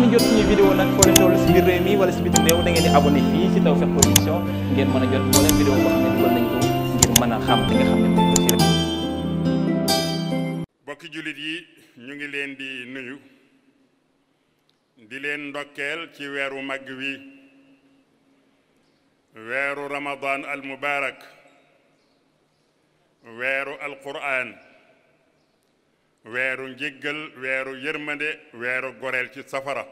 ngeen jot bokki jullit yi ñu ngi leen di nuyu di leen ndokkeel ci weeru mag wi weeru Ramadan al weeru al weeru njéggal weeru yërmande weeru goreel ci safara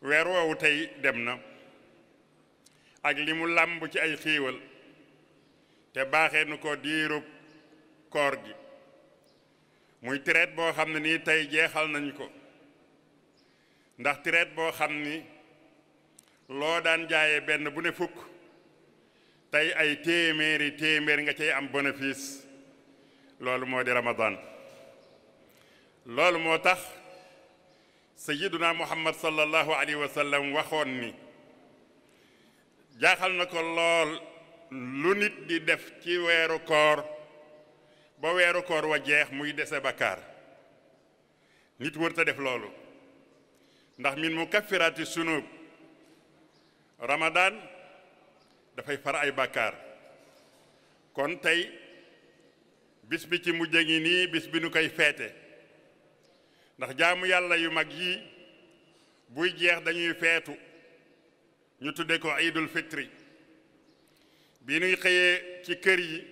weer woowu tey dem na ak li mu làmb ci ay xiiwal te baaxee nu ko diirub koor gi muy traite boo xam ne nii tey jeexal nañ ko ndax traite boo xam ni loo daan jaaye benn bu ne fukk tey ay téeméeri téeméer nga cay am bénéfice loolu moo di Ramadan loolu moo tax sayiduna muhammad sallallahu alayhi wa sallam waxoon ni jaaxal na ko lool lu nit di def ci weeru koor ba weeru koor wa jeex muy dese bakkaar nit wërta def loolu ndax min mu kaffiraati sunub ramadan dafay far ay bakkaar kon tey bis bi ci mujj ngi nii bis bi nu koy feete ndax jaamu yàlla yu mag yii buy jeex dañuy feetu ñu tudde ko iidul fitri bi nuy xëyee ci kër yi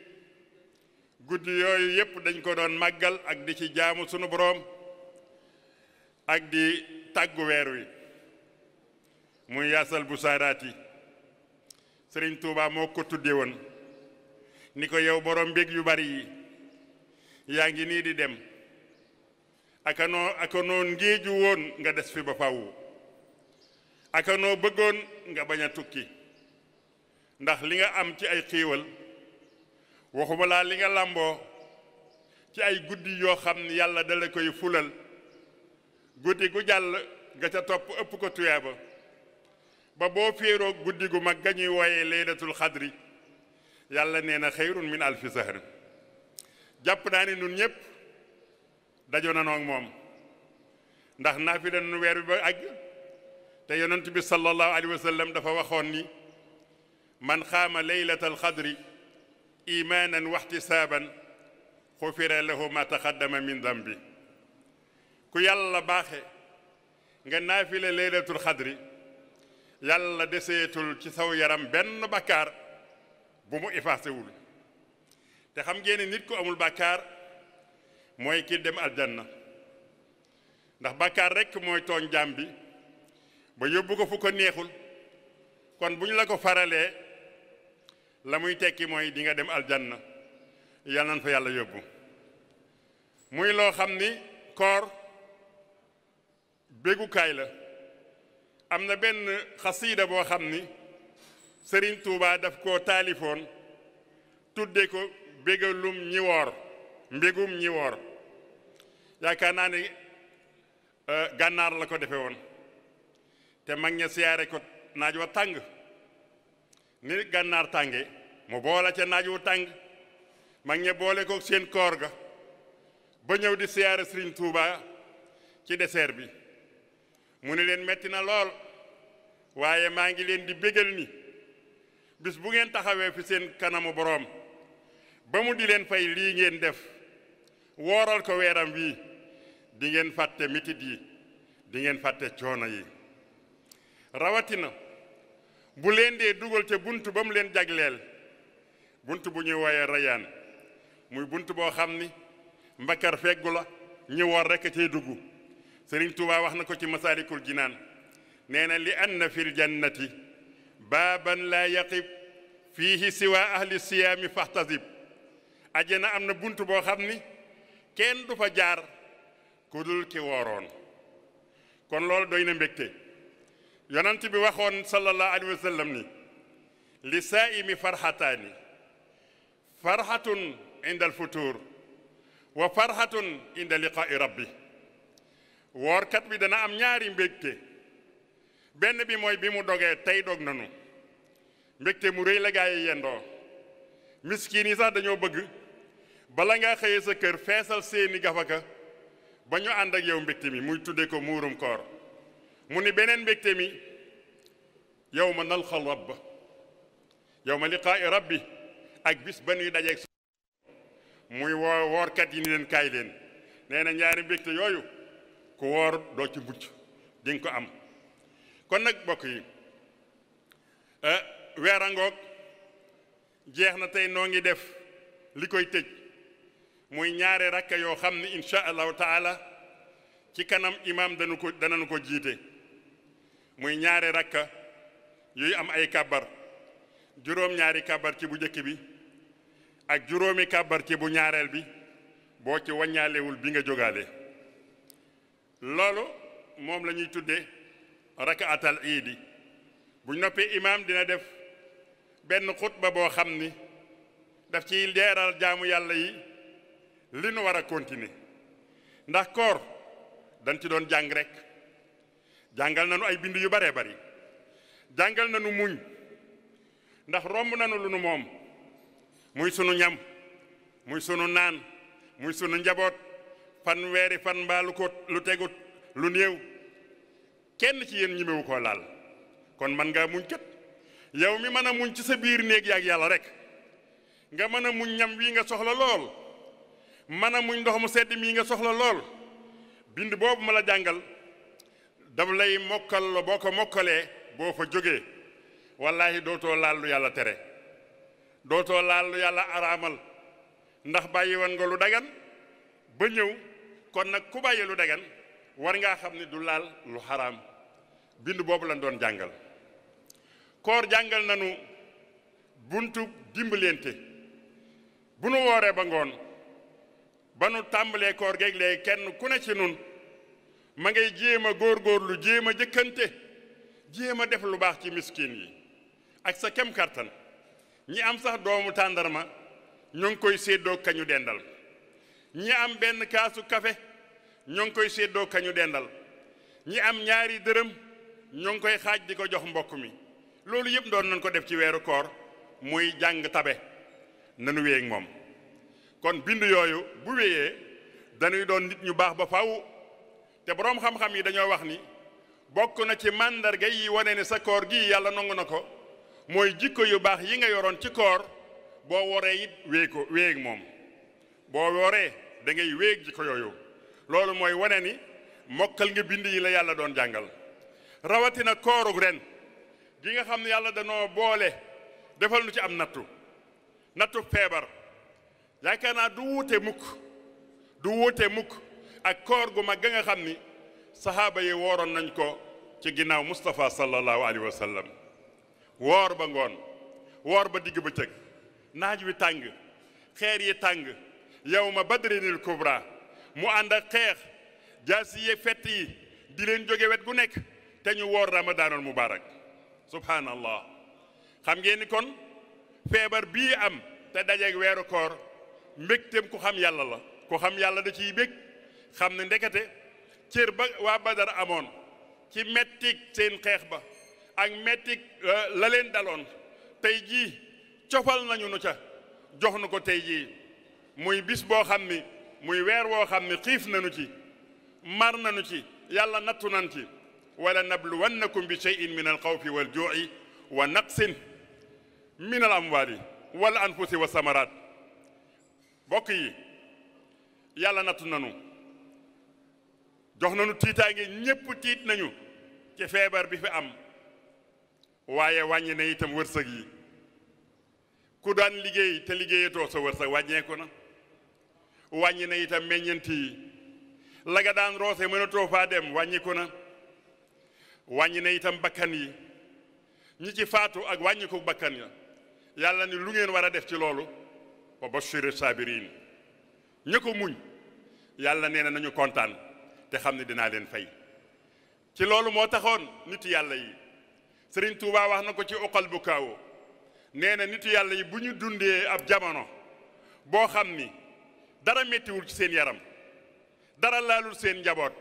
guddi yooyu yépp dañ ko doon màggal ak di ci jaamu sunu boroom ak di tàggu weer wi muy yaasal bu saaraat yi sëriñ tuuba moo ko tudde woon ni ko yow borom mbég yu bari yi yaa ngi nii di dem aka noo aka noo ngéeju woon nga des fi ba faw aka noo bëggoon nga bañ a tukki ndax li nga am ci ay xiiwal waxuma laa li nga làmboo ci ay guddi yoo xam ne yàlla dala koy fulal guddi gu jàll ga ca topp ëpp ko tuyaaba ba boo féeroo guddi gu mag ga ñuy wooyee laylatul xadri yàlla nee na xayrun min alfi jàpp naa ne nun ñëpp dajo na noog moom ndax naa fi leen weer bi ba àgg te yonent bi sallallahu alayhi wa sallam dafa waxoon ni man xaama leylata alxadri imaanan waxtisaaban xufira lahu ma taxaddama min dambi ku yàlla baaxe nga naafile laylatul xadri yàlla deseetul ci saw yaram benn bakkaar bu mu effacé te xam ngeen nit ku amul bakkaar mooy kii dem na ndax bàkkaar rekk mooy tooñ jaam bi ba yóbbu ko fu ko neexul kon bu ñu la ko faralee la muy tekki mooy dinga nga dem aljanna yal nan fa yàlla yóbbu muy loo xam ni koor bégukaay la am na benn xasiida boo xam ni Sëriñ Tuubaa daf koo taalifoon tudde ko bégalum ñi woor mbégum ñi woor yaakaar naa ne euh, gànnaar la ko defe woon te mag ña siyaare ko naaj wa tàng ni gànnaar tànge mu boole ce naaj wu tàng mag ña boole ko seen koor ga ba ñëw di siyaare Sëriñ Tuuba ci désert bi mu ni leen metti na lool waaye maa ngi leen di bégal ni bis bu ngeen taxawee fi seen kanamu boroom ba mu di leen fay lii ngeen def wooral ko weeram wii di ngeen fàtte mitit yi di ngeen fàtte coono yi rawatina bu leen dee dugal ca bunt ba mu leen jagleel bunt bu ñuy woyee rayaan muy bunt boo xam ni mbakar feggu la ñu war rekk cee dugg sëriñ Tuubaa wax na ko ci masaalikul jinaan nee na li anna fil jannati baaban laa yaqib fiihi siwa ahli siyaami faxtasib ajjana am na bunt boo xam ni kenn du fa jaar ku dul ki wooroon kon loolu doy na mbégte yonent bi waxoon sallallahu alayhi wa sallam ni li saa'imi farxataani farxatun indal alfutuur wa farxatun indal liqaa'i rabbi woorkat bi dana am ñaari mbégte benn bi mooy bi mu dogee tey dog nanu mbégte mu rëy la yendoo miskin dañoo bëgg bala ngaa xëyee sa kër feesal seeni gafaka ba ñu ànd ak yow mbégte mi muy tudde ko muurum koor mu ni beneen mbégte mi yow ma nalxal ba yow ma rab bi ak bis ba nuy dajeeg su muy woo woorkat yi ni leen kaay leen nee na ñaari mbégte yooyu ku woor doo ci mucc di ko am kon nag mbokk yi eh, weer angoog jeex na tey noo ngi def li koy tëj muy ñaare rakka yoo xam ne incha allah taala ci kanam imaam danu ko danañu ko jiite muy ñaare rakka yuy am ay kàbbar juróom-ñaari kàbbar ci bu njëkk bi ak juróomi kàbbar ci bu ñaareel bi boo ci waññaalewul bi nga jógaale loolu moom la ñuy tuddee rakaatal iidi bu noppee imaam dina def benn xutba boo xam ni daf ciy leeral jaamu yàlla yi li nu war a continuer ndax koor dañ ci doon jàng rek jàngal nañu ay bind yu baree bari jàngal nañu muñ ndax romb nañu lu nu moom muy sunu ñam muy sunu naan muy sunu njaboot fanweeri fan mbaa lu ko lu tegut lu néew kenn ci yéen ñimewu ko laal kon man ngaa muñ kat yow mi man a muñ ci sa biir néeg yaag yàlla rek nga mën a muñ ñam wii nga soxla lool mën a muñ ndox mu sedd mii nga soxla lool bind boobu ma la jàngal daf lay mokkal boo ko mokkalee boo fa jógee wallaahi dootoo laal lu yàlla tere dootoo laal lu yàlla araamal ndax bàyyi wan nga lu dagan ba ñëw kon nag ku bàyyi lu dagan war ngaa xam ni du laal lu xaraam bind boobu lañ doon jàngal koor jàngal nanu buntu dimbalante bu nu wooree ba ngoon ba nu tàmbalee koor geeg léegi kenn ku ne ci nun ma ngay jéem a góorgóorlu jéem a jëkkante jéem a def lu baax ci miskin yi ak sa kem kàttan ñi am sax doomu tàndarma ñoo ngi koy séddoo kañu dendal ñi am kaasu kafe ñoo ngi koy séddoo kañu dendal ñi am ñaari dërëm ñoo ngi koy xaaj di ko jox mbokk mi loolu yëpp doon nañ ko def ci weeru koor muy jàng tabe nanu wéeg moom kon bind yooyu bu wéyee dañuy doon nit ñu baax ba faw te boroom xam-xam yi dañoo wax ni bokk na ci màndarga yi wane ne sa koor gi yàlla nongu na ko mooy jikko yu baax yi nga yoroon ci koor boo woree it wéeg ko moom boo woree dangay ngay wéeg jikko yooyu loolu mooy wane ni mokkal ngi bind yi la yàlla doon jàngal rawatina koorug ren gi nga xam ne yàlla danoo boole defal nu ci am nattu nattu feebar yaakaar naa du wuute mukk du wuute mukk ak koor gu mag ga nga xam ni saxaaba yi wooroon nañ ko ci ginnaaw Moustapha sallallahu alayhi wa woor ba ngoon woor ba digg cëg naaj wi tàng xeer yi tàng yow ma badrinil kubra mu ànd ak xeex jaasi yi fett yi di leen jóge wet gu nekk te ñu woor ramadaanul mubaarak subhaanallah xam ngeen ni kon feebar bii am te dajeeg weeru koor mbégteem ku xam yàlla la ku xam yàlla da ciy bég xam ne ndekete cër ba waa Badar amoon ci mettik seen xeex ba ak mettik euh, la leen daloon tey jii cofal nañu nu ca jox nu ko tey jii muy bis boo xam ni muy weer woo xam ni xiif nañu ci mar nañu ci yàlla nattu nan ci wala nabluwannakum bi cheyin min al xawfi wal juuci wa naqsin min al amwaali wal anfusi wa samaraat bokk yi yàlla nattu nanu jox nanu tiitaange ñépp tiit nañu ci feebar bi fi am waaye wàññi na itam wërsëg yi ku daan liggéey te liggéeyatoo sa wërsëg wàññeeku na wàññi na itam meññent yi la nga daan roose mënatoo faa dem wàññiku na wàññi na itam bakkan yi ñi ci faatu ak wàññiku bakkan ya yàlla ni lu ngeen war a def ci loolu wa bashiri sabirin ña ko muñ yàlla nee na nañu kontaan te xam ne dinaa leen fay ci loolu moo taxoon nitu yàlla yi sëriñ Touba wax na ko ci uqal bu kaawo nee na nitu yàlla yi bu ñu dundee ab jamono boo xam ni dara méttiwul ci seen yaram dara laalul seen njaboot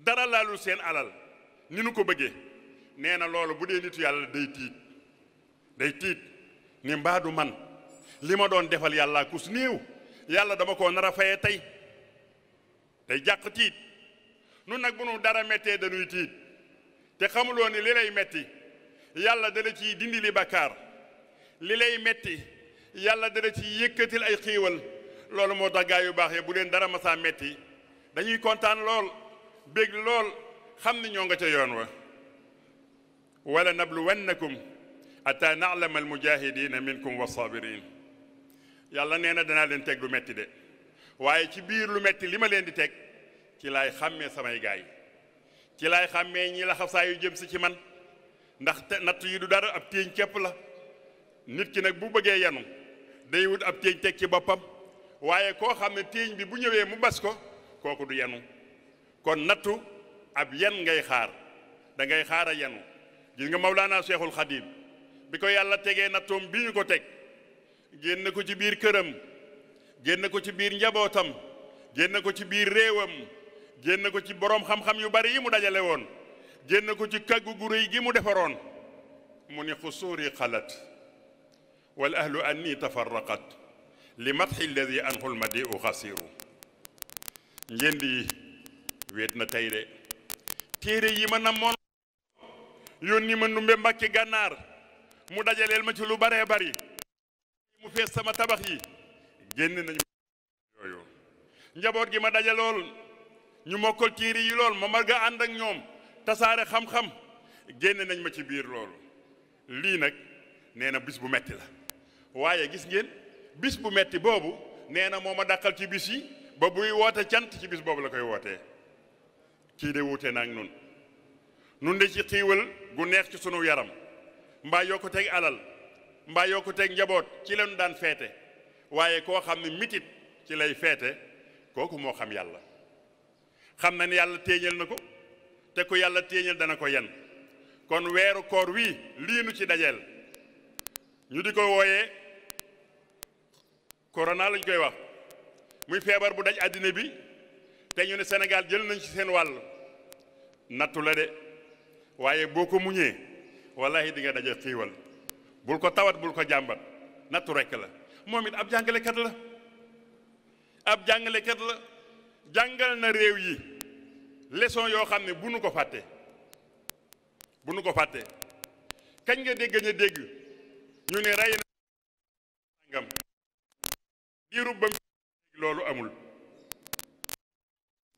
dara laalul seen alal ni nu ko bëggee nee na loolu bu dee nitu yàlla day tiit day tiit ni mbaadu man li ma doon defal yàlla kus niiw yàlla dama ko nar a faye tey tey jàq tiit nun nag bu nu dara méttee dañuy tiit te xamuloo ni li lay metti yàlla dana ciy dindili li li lay metti yàlla dana ci yëkkatil ay xiiwal loolu moo tax gaay yu baax ya bu leen dara masaa metti dañuy kontaan lool bég lool xam ni ñoo nga ca yoon wa wala nabluwannakum ataa na'lama almujahidina minkum wassabirin yàlla nee na danaa leen teg lu metti de waaye ci biir lu metti li ma leen di teg ci laay xàmmee samay gaay ci laay xàmmee ñi la jëm si ci man ndax natt yi du dara ab téeñ képp la nit ki nag bu bëggee yanu day wut ab téeñ teg ci boppam waaye koo xam ne téeñ bi bu ñëwee mu bas ko kooku du yanu kon nattu ab yan ngay xaar dangay ngay xaar a yanu gis nga Mawlaana Cheikhul Xadim bi ko yàlla tegee nattoom bi ñu ko teg génn ko ci biir këram génn ko ci biir njabootam génn ko ci biir réewam génn ko ci boroom xam-xam yu bari yi mu dajale woon génn ko ci kaggu gu gi mu defaroon mu ni xusuuri xalat wal ahlu anni tafarraqat li matxi alladi anhul madi u xasiru njënd yi weet na tey de téere yi ma namoon yónni ma ndumbe mbàkki gànnaar mu dajaleel ma ci lu baree bari mu fees sama tabax yi génn nañu yooyu njaboot gi ma daja lool ñu mokkal tiiri yi lool ma marga ànd ak ñoom tasaare xam-xam génn nañ ma ci biir loolu lii nag nee na bis bu metti la waaye gis ngeen bis bu metti boobu nee na moo ma daqal ci bis yi ba buy woote cant ci bis boobu la koy woote kii de wuute naag nun nun de ci xiiwal gu neex ci sunu yaram mbaa ko ak alal mbaa yokkuteeg njaboot ci lañu daan feete waaye koo xam ne mitit ci lay feete kooku moo xam yàlla xam na ne yàlla téeñal na ko te ku yàlla téeñal dana ko yen kon weeru koor wii lii nu ci dajeel ñu di ko wooyee corona lañ koy wax muy feebar bu daj àddina bi te ñu ne Sénégal jël nañ ci seen wàll nattu la de waaye boo ko muñee wallahi di nga daje xiiwal bul ko tawat bul ko jàmbat nattu rekk la moom it ab jàngalekat la ab jàngalekat la jàngal na réew yi leçon yoo xam ne bu nu ko fàtte bu nu ko fàttee kañ nga dégg ñu ne rey na sàngam diirub ba loolu amul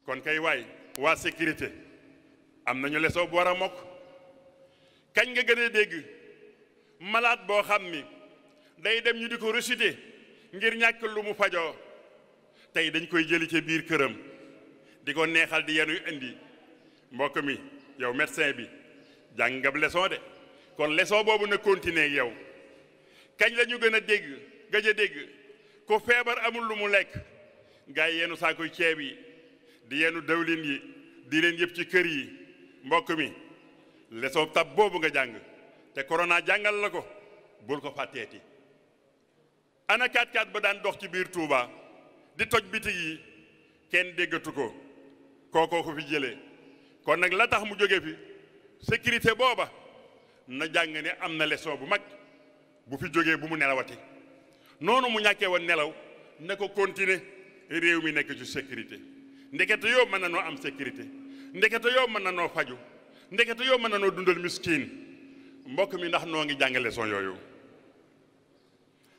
kon kay waay waa sécurité am nañu leçon bu war a mokk kañ nga gën a dégg malaat boo xam ni day dem ñu di ko réciter ngir ñàkk lu mu fajoo tey dañ koy jëli ca biir këram di ko neexal di yenuy indi mbokk mi yow médecin bi jàng nga leçon de kon leson boobu na continuer yow kañ lañu gën a dégg gëj a dégg ku feebar amul lu mu lekk gars yi yenu saakuy ceeb yi di yenu dëwlin yi di leen yëpp ci kër yi mbokk mi leçon tab boobu nga jàng te corona jàngal la ko bul ko fàtteeti ana 4-4 ba daan dox ci biir Touba di toj bitig yi kenn déggatu ko kookoo ko fi jëlee kon nag la tax mu jóge fi sécurité booba na jàng ne am na leçon bu mag bu fi jógee bu mu nelawati noonu mu ñàkkee woon nelaw na ko continuer réew mi nekk ci sécurité ndekete yoo mën na noo am sécurité ndekete yoo mën na noo faju ndekete yoo mën na noo dundal miskiin mbokk mi ndax noo ngi jànge leçon yooyu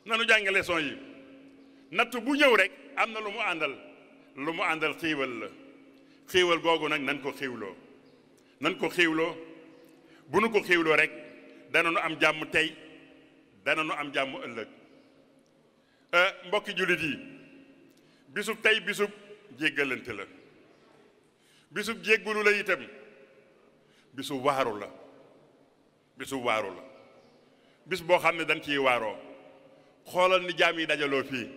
nanu jànge leçon yi natt bu ñëw rek am na lu mu àndal lu mu àndal xiiwal la xiiwal googu nag nan ko xiiwloo nan ko xiiwloo bu nu ko xiiwloo rek dananu am jàmm tey dananu am jàmm ëllëg euh, mbokki jullit yi bisub tey bisub jéggalante la bisub jéggulu la itam bisub waaru la bisu waaru la bis boo xam ne dañ ciy waaroo xoolal ni jaam yi dajaloo fii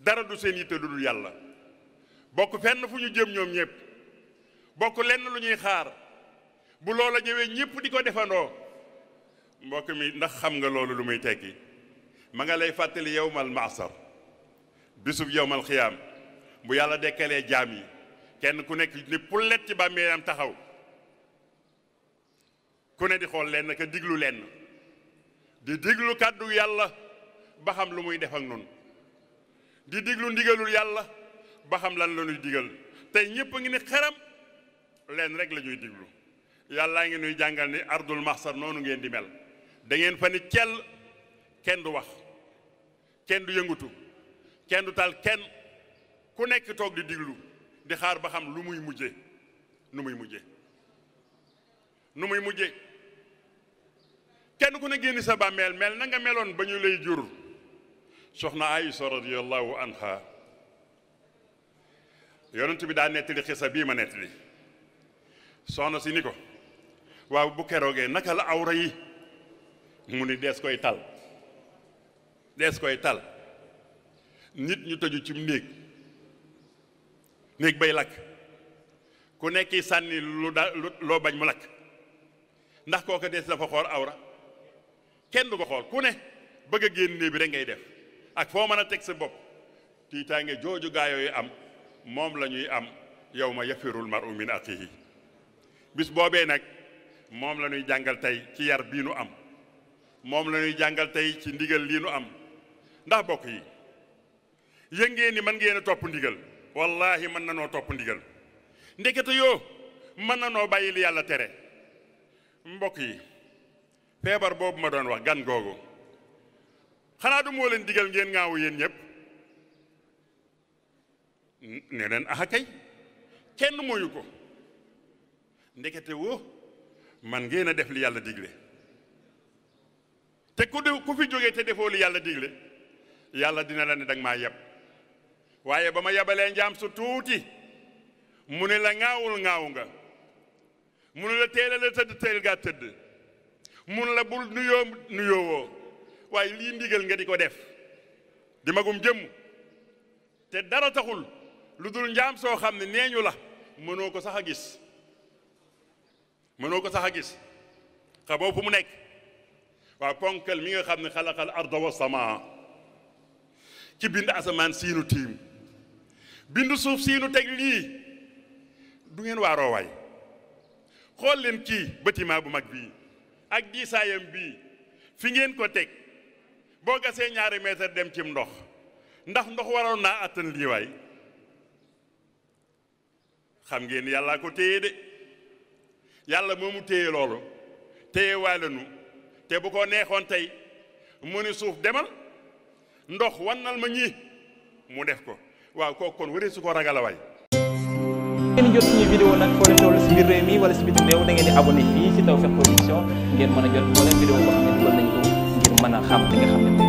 dara du seen yitte lu dul yàlla bokk fenn fu ñu jëm ñoom ñëpp bokk lenn lu ñuy xaar bu lool a ñëwee ñëpp di ko defandoo mbokk mi ndax xam nga loolu lu muy tekki ma nga lay fàttali yowmal maasar bisub yowmal xiyaam bu yàlla dekkalee jaam yi kenn ku nekk ni pullet ci bàmmeelam taxaw ku ne di xool lenn ka diglu lenn di diglu kàddu yàlla ba xam lu muy def ak noonu di diglu ndigalul yàlla ba xam lan la digal tey ñëpp a ngi ne xaram leen rek la ñuy diglu yàllaa ngi nuy jàngal ni ardul mahsar noonu ngeen di mel da ngeen fa ni cell kenn du wax kenn du yëngutu kenn du tal kenn ku nekk toog di diglu di xaar ba xam lu muy mujje nu muy mujje nu muy mujje kenn ku ne génn sa bàmmeel mel na nga meloon ba ñu lay jur soxna Aïsa radiyallahu anha yonent bi daa nettali xisa bii ma nettali soxna si ni ko waaw bu keroogee naka la awra yi mu ni dees koy tal dees koy tal nit ñu tëju ci néeg néeg bay lakk ku nekk sànni lu da loo bañ mu lakk ndax kooka dees dafa xool awra kenn du ko xool ku ne bëgg a génn bi rek ngay def ak foo mën a teg sa bopp tiitaange jooju gaa yooyu am moom la ñuy am yow ma yafirul maru min axihi bis boobee nag moom la ñuy jàngal tey ci yar bii nu am moom la jàngal tey ci ndigal lii nu am ndax bokk yi yëngeen ni mën ngeen a topp ndigal wallahi mën na noo topp ndigal ndekete yoo mën na noo bàyyi yàlla tere mbokk yi feebar boobu ma doon wax gan googu xanaa du moo leen digal ngeen ngaawu yéen ñëpp ne leen axa kenn moyu ko ndekete woo man ngeen a def li yàlla digle te ku de ku fi jógee te defoo li yàlla digle yàlla dina la ne danga ma yeb waaye ba ma yebalee njaam su mu ne la ŋaawul ŋaaw nga mu ne la teel a la tëdd teel ngaa tëdd mun la bul nuyoo nuyoowoo waaye lii ndigal nga di ko def di magum jëmm te dara taxul lu dul njaam soo xam ne neeñu la mënoo ko sax a gis mënoo ko sax a gis xamoo fu mu nekk waaw ponkal mi nga xam ne xalaqal arda wa samaa ci bind asamaan siinu tiim bindu suuf siinu teg lii du ngeen waaroo waay xool leen kii bâtiment bu mag bii ak diisaayam bii fi ngeen ko teg boo gasee ñaari mètre dem cim ndox ndax ndox waroon naa àttan lii waay xam ngeen yàllaa ko téye de yàlla moomu téye loolu téye waale nu te bu ko neexoon tey mu ne suuf demal ndox wannal ma ñi mu def ko waaw kooku kon wëree su ko ragala ngeen jot suñu vidéo nag foo leen toll si biir réew mi wala si di abonné fii si Tawfekh Production ngeen mën a jot moo leen vidéo boo xam ne dugal nañ ko ngir